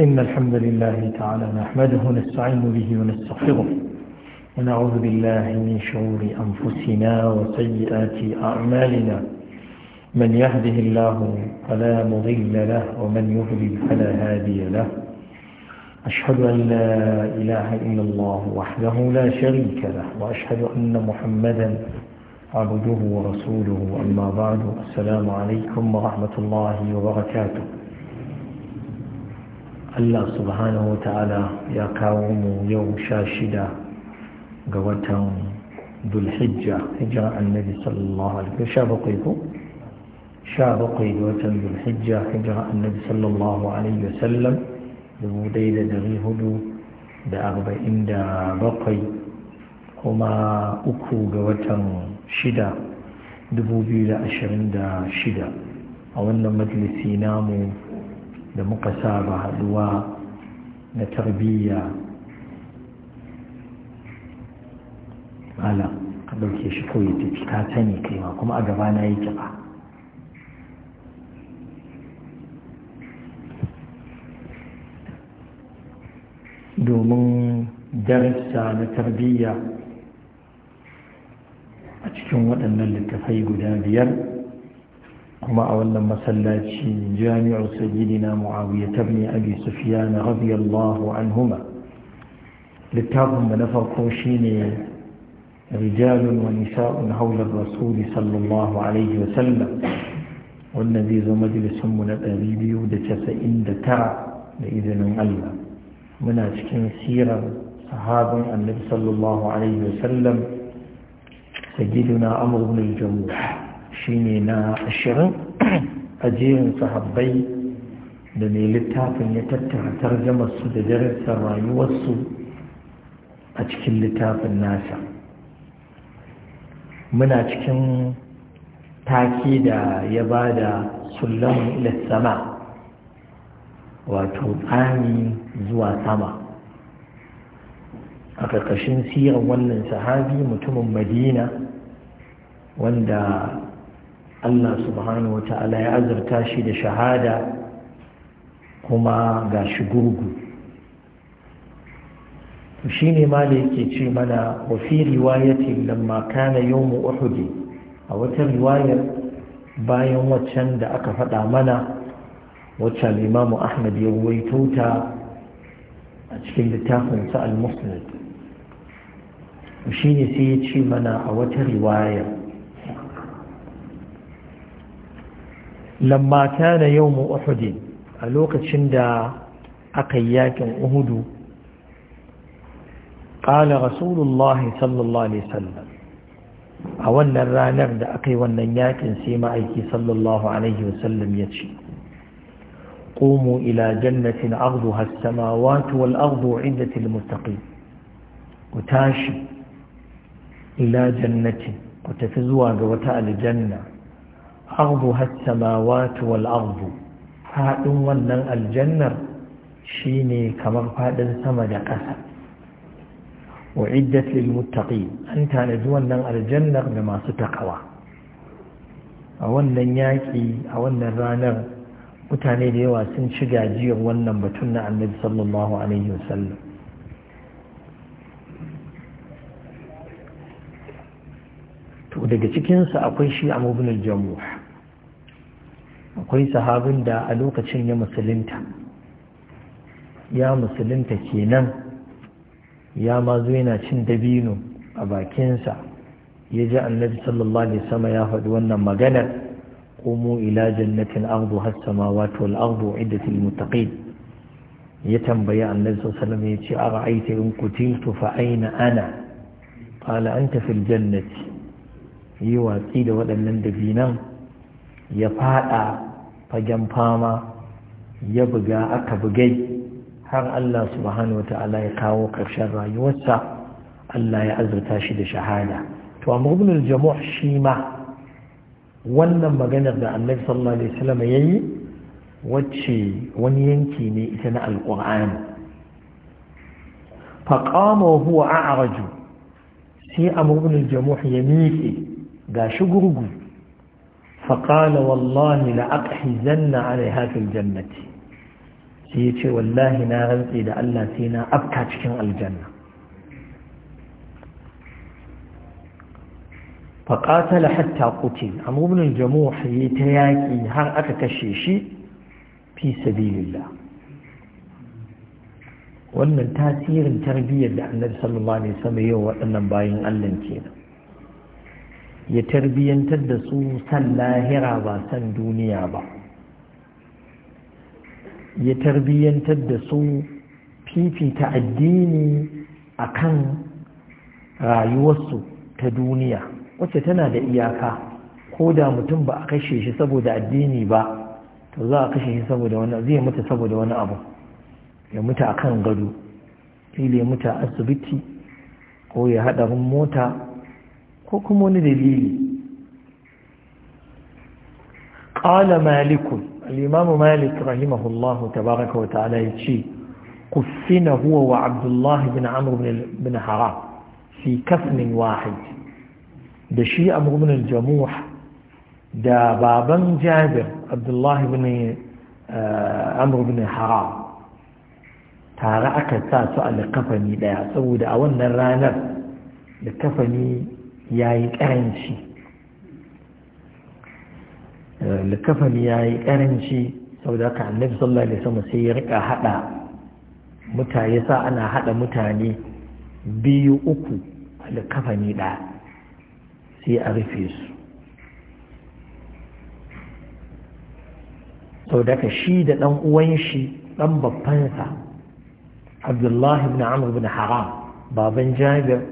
إن الحمد لله تعالى نحمده نستعين به ونستغفره ونعوذ بالله من شرور أنفسنا وسيئات أعمالنا من يهده الله فلا مضل له ومن يهدي فلا هادي له أشهد أن لا إله إلا الله وحده لا شريك له وأشهد أن محمدا عبده ورسوله أما بعد السلام عليكم ورحمة الله وبركاته Allah subhanahu wa ta'ala ya kawo mu yau sha shida ga watan dulhijja hijiran annabi sallallahu alaihi sha bakwai ko sha bakwai ga watan dulhijja hijiran annabi sallallahu alaihi wasallam dubu dai da dari hudu da arba'in da bakwai kuma uku ga watan shida dubu biyu da ashirin da shida a wannan majalisi namu da muka saba haduwa na tarbiyya ala ka ɗauke shi koyi ya tafi ka sani kai ma kuma a gaba na yi ba domin darasa na tarbiyya a cikin waɗannan littafai guda biyar كما أولا مسلاتي جامع سيدنا معاوية بن أبي سفيان رضي الله عنهما لتابهم نفرق شيني رجال ونساء حول الرسول صلى الله عليه وسلم والنبي ذو مجلس من الأبيبي ودتسئن دتاع لإذن الله من أشكين سيرا صحاب النبي صلى الله عليه وسلم سيدنا أمر بن الجموح shine na ashirin a jerin sahabbai da mai littafin ya tattara tarjamarsu da darasa rayuwarsu a cikin littafin nasa muna cikin taki da ya ba da sullamun sama, wato tsani zuwa sama a ƙarƙashin siyan wannan sahabi mutumin madina wanda Allah subhanahu wa ta'ala ya azurta shi da shahada kuma ga shi gurgu to shine ma da yake ce mana wafi fi riwayatin lamma kana yawmu Uhudi, a wata riwayar bayan waccan da aka faɗa mana wacce limamu ahmad ya ruwaito ta a cikin littafinsa al-musnad shine sai ya ce mana a wata riwayar Lambata ta na yau mu uhudi a lokacin da aka yi yakin uhudu ƙala rasulullah sallallahu alaihi sallam a wannan ranar da aka yi wannan yaƙin sai ma'aiki sallallahu alaihi wasallam ya ce ƙomo ila jannatin arzu hassama wato wal'arzu indatil mutaƙi ku tashi ila jannatin ku tafi zuwa ga wata aljanna arbu hassamawatu wal ardu faɗin wannan aljannar shine kamar faɗin sama da ƙasa tanadi wannan aljannar da masu takawa A wannan أولا a wannan ranar, mutane da yawa sun ci gajiyar wannan batun na annabi sallallahu alaihi wasallam to daga cikinsa akwai shi a mubin jamuh akwai sahabin da a lokacin ya musulunta ya musulunta kenan ya ma zo yana cin dabino a bakinsa ya ji annabi sallallahu alaihi sama ya faɗi wannan maganar komo ila jannatin ardu has samawa to al ardu iddatil muttaqin ya tambayi annabi sallallahu alaihi ya ce ara'aita in kutiltu fa aina ana qala anta fil yi watsi da waɗannan dabinan ya faɗa fagen fama ya buga aka bugai har Allah subhanahu wata'ala ya kawo ƙarshen rayuwarsa Allah ya azurta shi da shahada to amma ibn al-jamu' shi ma wannan maganar da Annabi sallallahu alaihi wasallam yayi wacce wani yanki ne ita na alqur'ani faqama wa huwa a'raju sai amr ibn al-jamu' ya miƙe gashi gurgu فقال والله لأقحزن عليها في الجنة سيتي والله نا رزقي دا الله سينا أبكى تشكين الجنة فقاتل حتى قتل عمرو بن الجموح يتياكي هر أكتشيشي في سبيل الله wannan tasirin tarbiyyar da annabi sallallahu alaihi wasallam yau waɗannan bayan Allah kenan ya tarbiyyantar da su san lahira ba san duniya ba ya tarbiyyantar da su fifita addini a kan rayuwarsu ta duniya wacce tana da iyaka ko da mutum ba a kashe shi saboda addini ba to za a kashe shi saboda wani zai mutu saboda wani abu ya mutu a kan gado ile mutu a asibiti ko ya haɗarin mota ko kuma wani dalili قال مالك الإمام مالك رحمه الله تبارك وتعالى يتشي قفن هو وعبد الله بن عمرو بن حرام في كفن واحد ده شي عمرو بن الجموح ده بابا جابر عبد الله بن عمرو بن حرام تارا أكتا سؤال كفني ده سود أولا رانا لكفني ya yi ƙaranci eh, likafani ya yi ƙaranci sau da ka annabi sallallahu alaihi sai ya rika haɗa mutane sa ana haɗa mutane biyu uku a likafani ɗaya sai a rufe su sau da ka shi da ɗan uwan shi ɗan babbansa abdullahi ibn amr ibn haram baban jabir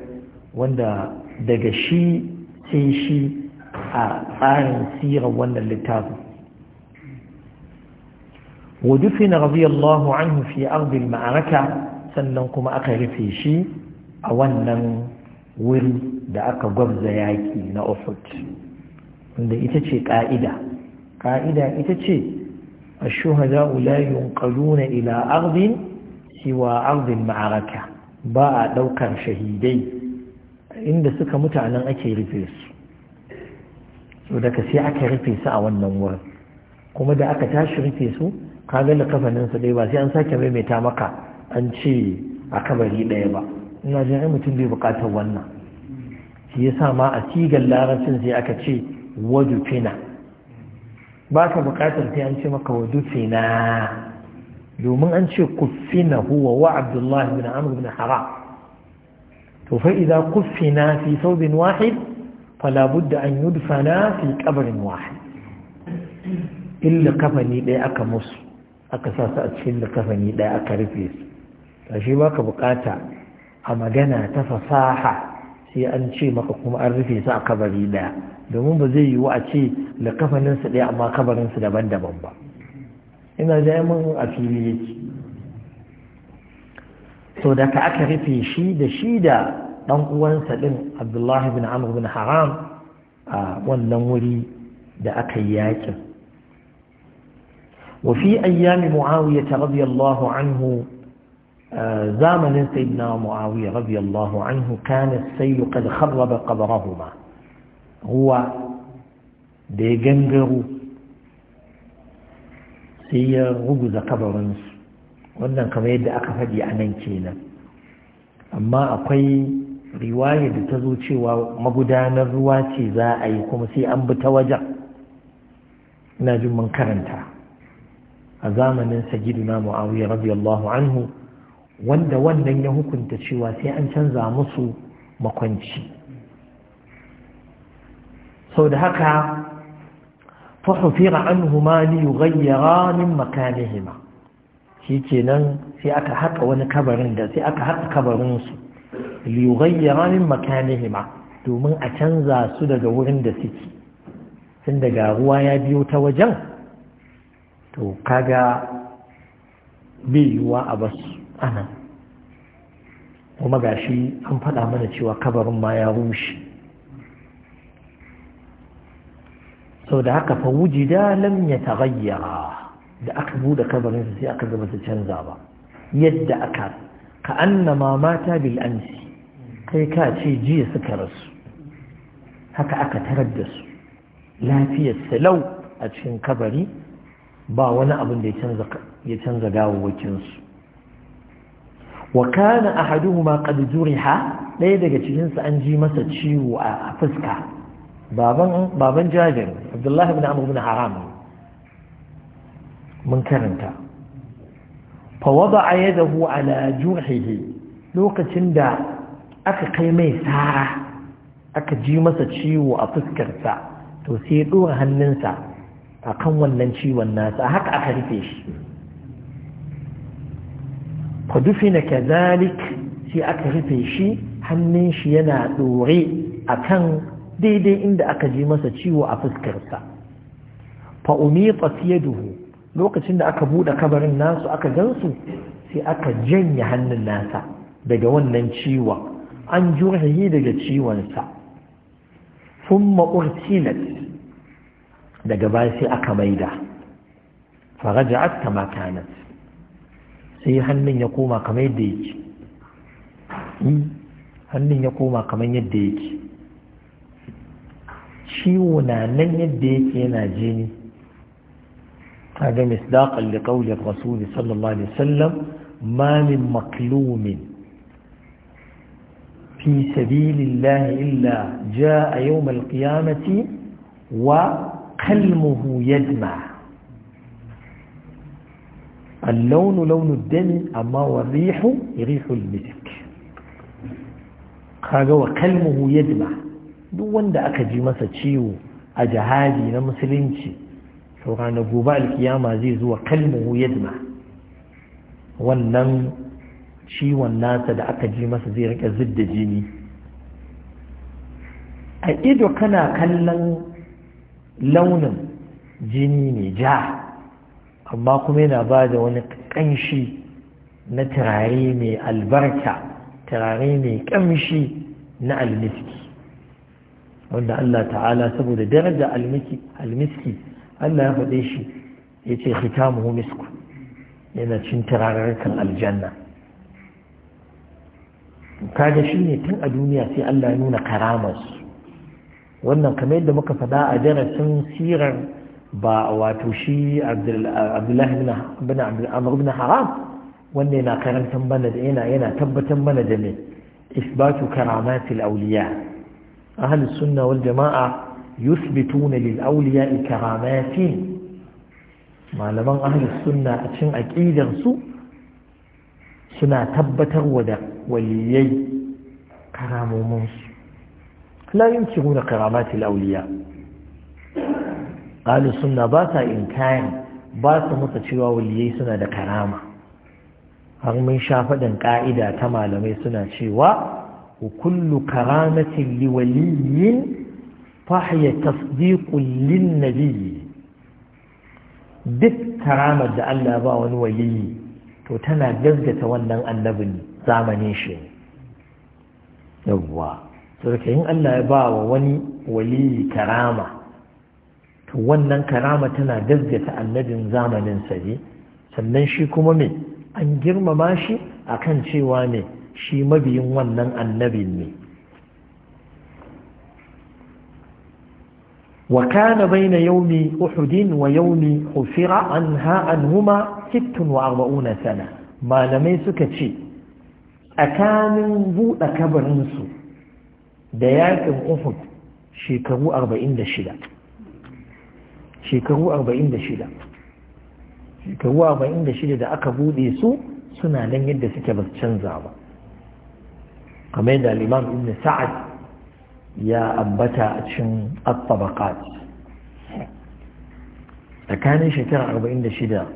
wanda daga shi sun shi a tsarin siyar wannan littafin wadufin radiyallahu anhu fi ardil ma'araka sannan kuma aka rufe shi a wannan wurin da aka gwabza yaƙi na ofut inda ita ce ƙa'ida ƙa'ida ita ce a shuhada ulayun ƙaluna ila ardin siwa ardin ma'araka ba a ɗaukar shahidai inda suka mutanen ake rufe su so daga sai aka rufe su a wannan wurin kuma da aka tashi rufe su kaga da kafanin su dai ba sai an sake maimaita maka an ce a kabari ɗaya ba ina jin ai mutum bai buƙatar wannan shi yasa ma a sigar larabcin sai aka ce wadu fina ba ka buƙatar sai an ce maka wadu fina domin an ce kufina huwa wa abdullahi bin amr bin haram to fa idza kuffina fi thawbin wahid fala budda an yudfana fi qabrin wahid illa kafani ɗaya aka musu aka sa su a cikin kafani ɗaya aka rufe su tashi baka bukata a magana ta fasaha sai an ce maka kuma an rufe su a kabari ɗaya domin ba zai yiwu a ce lakafaninsu ɗaya amma kabarinsu daban-daban ba ina jami'in a fili yake to da ka aka rufe shi da shi da ɗan uwansa ɗin abdullahi bin amr bin haram a wannan wuri da aka yi yakin وفي أيام معاوية رضي الله عنه زامن سيدنا معاوية رضي الله عنه كان السيل قد خرب da هو ديجنجرو sai ya ruguza kabarinsu wannan kamar yadda aka faɗi a nan kenan amma akwai riwaya da ta zo cewa magudanar ruwa ce za a yi kuma sai an bi ta wajen ina jin mun karanta a zamanin sagiduna mu'awiyar radiyallahu anhu wanda wannan ya hukunta cewa sai an canza musu makwanci sau da haka huma ni ليغيرا من مكانهما shi kenan sai aka haƙa wani kabarin da sai aka haƙa kabarinsu ramin min ma, domin a canza su daga wurin da suke tun daga ruwa ya biyo ta wajen to kaga bai yiwuwa a basu anan kuma gashi an faɗa mana cewa kabarin ma ya rushe sau da haka fa wujida lam ya tagayyara da aka bude kabarinsa sai aka ga su canza ba yadda aka ka annama mata bil amsi kai ka ce jiya suka rasu haka aka tarar da su lafiyar salau a cikin kabari ba wani abin da ya canza gawawakinsu wa kana ahaduhuma qad juriha ɗaya daga cikinsu an ji masa ciwo a fuska baban baban jabir abdullahi ibn amr ibn haram mun karanta fawada a yadahu ala juhihi lokacin da aka kai mai sara aka ji masa ciwo a fuskarsa to sai ya ɗora hannunsa a kan wannan ciwon nasa haka aka rufe shi fadufina kazalik sai aka rufe shi hannun shi yana ɗore a kan daidai inda aka ji masa ciwo a fuskarsa fa'umi tsafiyar duhu lokacin da aka buɗe kabarin nasu aka gansu sai aka janye hannun nasa daga wannan ciwon an jurhihi daga ciwonsa sun ma'urtilat daga baya sai aka maida faraja'at kama kanat sai hannun ya koma kamar yadda yake hmm? hannun ya koma kamar yadda yake ciwo na nan yadda yake yana jini هذا مصداقا لقول الرسول صلى الله عليه وسلم ما من مكلوم في سبيل الله إلا جاء يوم القيامة وقلمه يدمع اللون لون الدم أما والريح ريح المسك kaga wa kalmuhu yadma duk wanda aka ji masa ciwo a jihadi na musulunci to rana gobe alkiyama zai zuwa kalmu yadma wannan ciwon nasa da aka ji masa zai rika zidda jini a ido kana kallon launin jini ne ja amma kuma yana ba da wani kanshi na turare mai albarka turare mai ƙamshi na almiski wanda Allah ta'ala saboda daraja almiski Allah ya faɗe shi ya ce hitamu misku yana cin turararkan aljanna kaga shi ne tun a duniya sai Allah ya nuna karamarsu wannan kamar yadda muka faɗa a darasin sirar ba wato shi abdullahi bin haram wanda yana karantar mana da yana yana tabbatar mana da mai isbatu karamatil auliya ahlus sunna wal jama'a yusbituna lil awliya karamatin malaman ahlus sunna a cikin aqidar su suna tabbatar wa da waliyai karamomin su la yunkiruna karamatil awliya ahlus sunna ba ta inkarin ba su musa cewa waliyai suna da karama har mun sha faɗin ƙa'ida ta malamai suna cewa kullu karamatin liwaliyin فهي تصديق للنبي duk karamar da Allah ba wani waliyi to tana gazgata wannan annabin zamanin shi yawwa saboda yin Allah ya ba wa wani waliyi karama to wannan karama tana gazgata annabin zamanin sa ne sannan shi kuma me an girmama shi akan cewa ne shi mabiyin wannan annabin ne وكان بين يوم أحد ويوم حفر عنها عنهما ست وأربعون سنة ما لم يسكتشي أكان ذو أكبر نسو دياك أحد شيكرو أربعين دشلا شيكرو أربعين دشلا shekaru 46 da aka bude su suna nan yadda suke ba su canza ba kamar da liman ibn sa'ad ya ambata a cikin at-tabaqat tsakanin shekara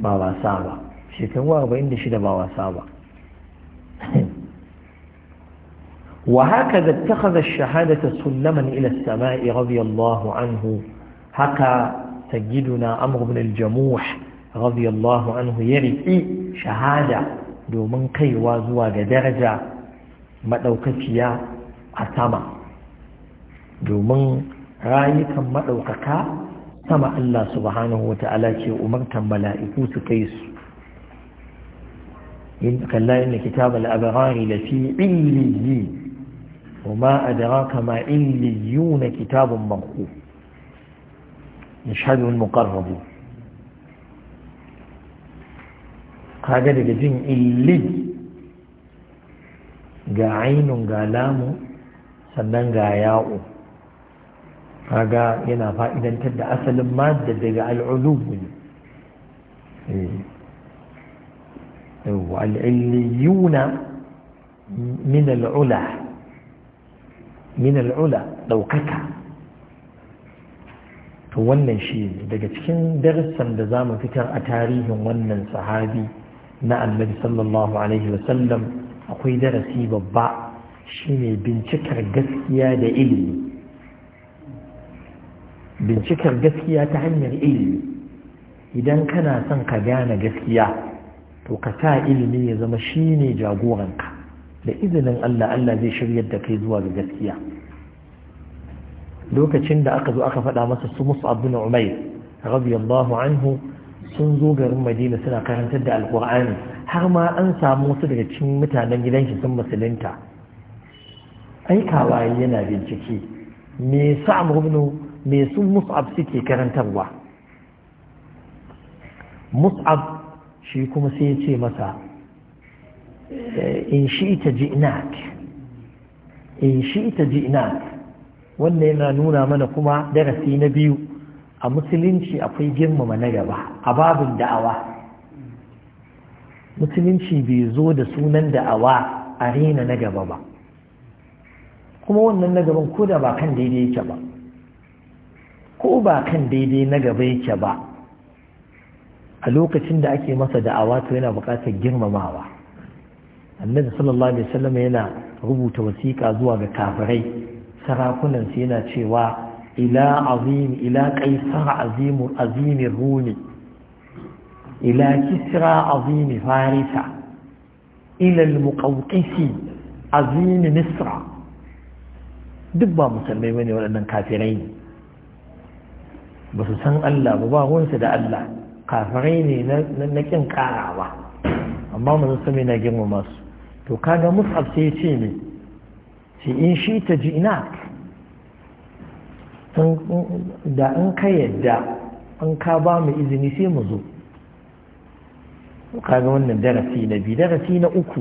بابا سابا wasa ba shekaru بابا سابا وهكذا اتخذ الشهادة سلما إلى السماء رضي الله عنه حكى سيدنا أمر بن الجموح رضي الله عنه يرئي شهادة دومن كي وازوا درجة مدوكتيا a sama domin rayukan maɗaukaka sama Allah subhanahu wa ta'ala ce umartan mala'iku su kai su in kalla inna kitabal abrari lafi kuma a ma adraka ma illiyuna kitabun manqu yashhadu al-muqarrabun kaga daga jin illi ga ainun ga lamu sannan ga ya'u kaga yana fa'idantar da asalin madda daga al'ulubu ne eh. al'illiyuna min al'ula min al'ula ɗaukaka to wannan shi daga cikin darussan da za mu fitar a tarihin wannan sahabi na annabi sallallahu alaihi wasallam akwai darasi babba shine bincikar gaskiya da ilimi bincikar gaskiya ta hanyar ilimi idan kana son ka gane gaskiya to ka sa ilimi ya zama shine jagoranka da izinin Allah Allah zai shirya da kai zuwa ga gaskiya lokacin da aka zo aka faɗa masa su musu abin umair radiyallahu anhu sun zo garin madina suna karantar da alkur'ani har ma an samu wasu daga cikin mutanen gidan shi sun musulunta aikawa yana bincike me su amurnu me sun mus'ab suke karantarwa mus'ab shi kuma sai ya ce masa eh, in shi ita ina? in shi ita ina? wannan yana nuna mana kuma darasi na biyu a musulunci akwai girmama na gaba a babin da'awa musulunci bai zo da sunan da'awa a rena na gaba ba kuma wannan na gaban ko da ba kan daidai yake ba ko ba kan daidai na gaba yake ba a lokacin da ake masa da'awa to yana buƙatar girmamawa annabi sallallahu alaihi wasallam yana rubuta wasiƙa zuwa ga kafirai sarakunan su yana cewa ila azim ila qaisar azim azim rumi ila kisra azim farisa ila al-muqawqisi azim misra duk ba musulmai bane waɗannan kafirai ne ba su san Allah ba ba wansu da Allah kafirai ne na ƙin ba. amma mu na girmama su to kaga mus'ab sai ya ce ne sai in shi ta ji ina da in ka yadda an ka ba mu izini sai mu zo kaga wannan darasi na biyu darasi na uku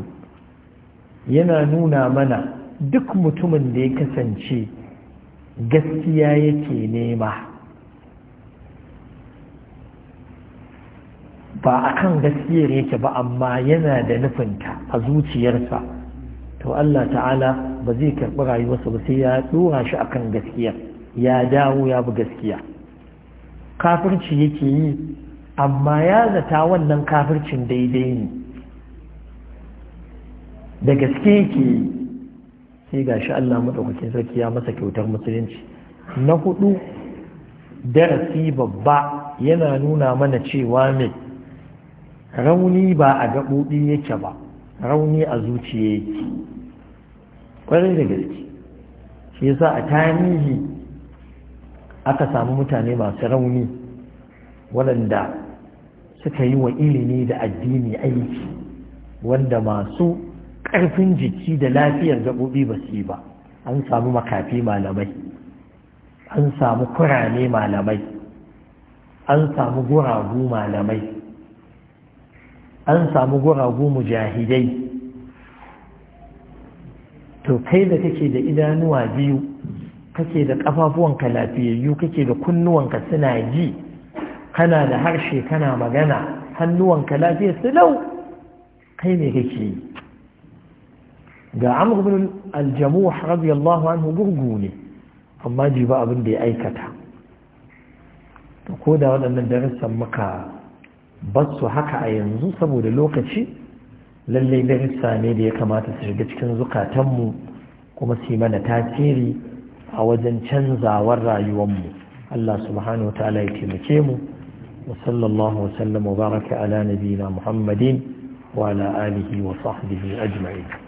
yana nuna mana duk mutumin da ya kasance gaskiya yake nema ba a kan gaskiyar yake ba amma yana da nufinta a zuciyarsa to Allah ta'ala ba zai karɓi rayuwarsa ba sai ya ɗora shi akan gaskiya ya dawo ya bi gaskiya kafirci yake yi amma ya zata wannan kafircin daidai ne da gaske yake yi sai ga shi Allah maɗaukakin sarki ya masa kyautar musulunci na hudu darasi babba yana nuna mana cewa mai rauni ba a gaɓoɓi yake ba rauni a zuciya yake ƙwarai da gaske shi yasa a tarihi aka samu mutane masu rauni waɗanda suka yi wa ilimi da addini aiki wanda masu ƙarfin jiki da lafiyar gaɓoɓi ba su yi ba an samu makafi malamai an samu kurame malamai an samu guragu malamai an samu guragu mujahidai to kai da kake da idanuwa biyu kake da ƙafafuwanka lafiyayyu kake da kunnuwanka suna ji kana da harshe kana magana hannuwanka lafiya su lau kai ne kake yi ga amr aljamu al anhu gurgu ne amma ji ba abin da ya aikata ko da waɗannan darussan ba su haka a yanzu saboda lokaci lallai darussa ne da ya kamata su shiga cikin zukatanmu kuma su yi mana tasiri a wajen canzawar mu Allah subhanahu wa ta'ala ya taimake mu وصلى الله ala وبارك Muhammadin wa محمد wa آله وصحبه أجمعين